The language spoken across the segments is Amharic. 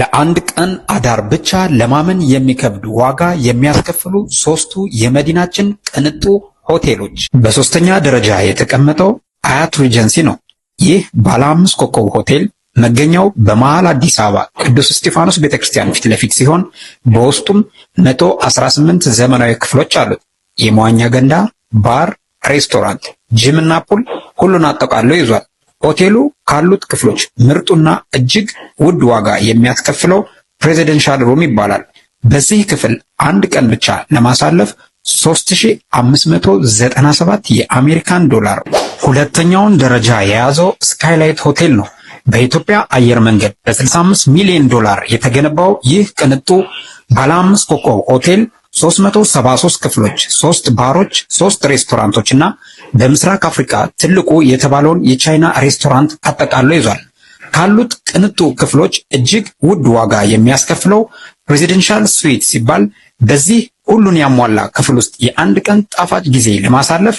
ለአንድ ቀን አዳር ብቻ ለማመን የሚከብድ ዋጋ የሚያስከፍሉ ሶስቱ የመዲናችን ቅንጡ ሆቴሎች። በሶስተኛ ደረጃ የተቀመጠው አያት ሪጀንሲ ነው። ይህ ባለ አምስት ኮከብ ሆቴል መገኛው በመሃል አዲስ አበባ ቅዱስ እስጢፋኖስ ቤተክርስቲያን ፊት ለፊት ሲሆን በውስጡም 118 ዘመናዊ ክፍሎች አሉት። የመዋኛ ገንዳ፣ ባር፣ ሬስቶራንት፣ እና ፑል ሁሉን አጠቃሎ ይዟል። ሆቴሉ ካሉት ክፍሎች ምርጡና እጅግ ውድ ዋጋ የሚያስከፍለው ፕሬዚደንሻል ሩም ይባላል። በዚህ ክፍል አንድ ቀን ብቻ ለማሳለፍ 3597 የአሜሪካን ዶላር። ሁለተኛውን ደረጃ የያዘው ስካይላይት ሆቴል ነው። በኢትዮጵያ አየር መንገድ በ65 ሚሊዮን ዶላር የተገነባው ይህ ቅንጡ ባለ አምስት ኮከብ ሆቴል 373 ክፍሎች፣ 3 ባሮች፣ 3 ሬስቶራንቶች እና በምስራቅ አፍሪካ ትልቁ የተባለውን የቻይና ሬስቶራንት አጠቃሎ ይዟል። ካሉት ቅንጡ ክፍሎች እጅግ ውድ ዋጋ የሚያስከፍለው ፕሬዚደንሻል ስዊት ሲባል በዚህ ሁሉን ያሟላ ክፍል ውስጥ የአንድ ቀን ጣፋጭ ጊዜ ለማሳለፍ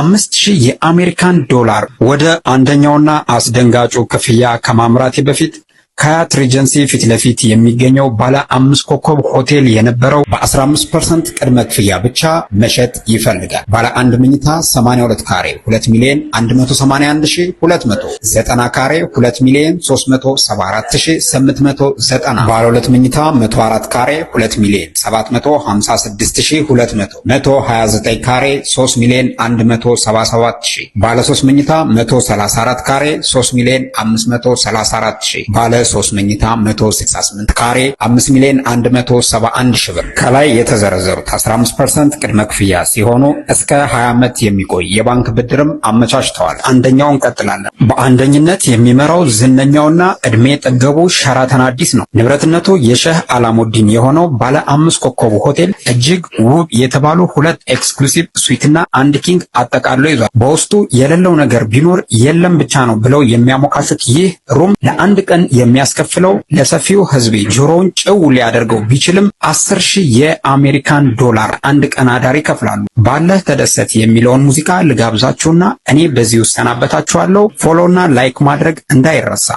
አምስት ሺህ የአሜሪካን ዶላር ወደ አንደኛውና አስደንጋጩ ክፍያ ከማምራቴ በፊት ከሀያት ሬጀንሲ ፊት ለፊት የሚገኘው ባለ አምስት ኮከብ ሆቴል የነበረው በ15 ፐርሰንት ቅድመ ክፍያ ብቻ መሸጥ ይፈልጋል። ባለ አንድ መኝታ 82 ካሬ 2 ሚሊዮን 181200፣ 90 ካሬ 2 ሚሊዮን 374890፣ ባለ ሁለት መኝታ 104 ካሬ 2 ሚሊዮን 756200፣ 129 ካሬ 3 ሚሊዮን 177000፣ ባለ 3 መኝታ 134 ካሬ 3 ሚሊዮን 534000፣ ባለ 3 መኝታ 168 ካሬ 5 ሚሊዮን 171 ሺህ ብር። ከላይ የተዘረዘሩት 15% ቅድመ ክፍያ ሲሆኑ እስከ 20 ዓመት የሚቆይ የባንክ ብድርም አመቻችተዋል። አንደኛውን ቀጥላለን። በአንደኝነት የሚመራው ዝነኛውና እድሜ ጠገቡ ሸራተን አዲስ ነው። ንብረትነቱ የሼህ አላሙዲን የሆነው ባለ አምስት ኮከቡ ሆቴል እጅግ ውብ የተባሉ ሁለት ኤክስክሉሲቭ ስዊትና አንድ ኪንግ አጠቃሎ ይዟል። በውስጡ የሌለው ነገር ቢኖር የለም ብቻ ነው ብለው የሚያሞካሹት ይህ ሩም ለአንድ ቀን የሚያስከፍለው ለሰፊው ህዝቤ ጆሮውን ጭው ሊያደርገው ቢችልም አስር ሺህ የአሜሪካን ዶላር አንድ ቀን አዳር ይከፍላሉ። ባለህ ተደሰት የሚለውን ሙዚቃ ልጋብዛችሁና እኔ ውስጥ እሰናበታችኋለሁ። ፎሎና ላይክ ማድረግ እንዳይረሳ።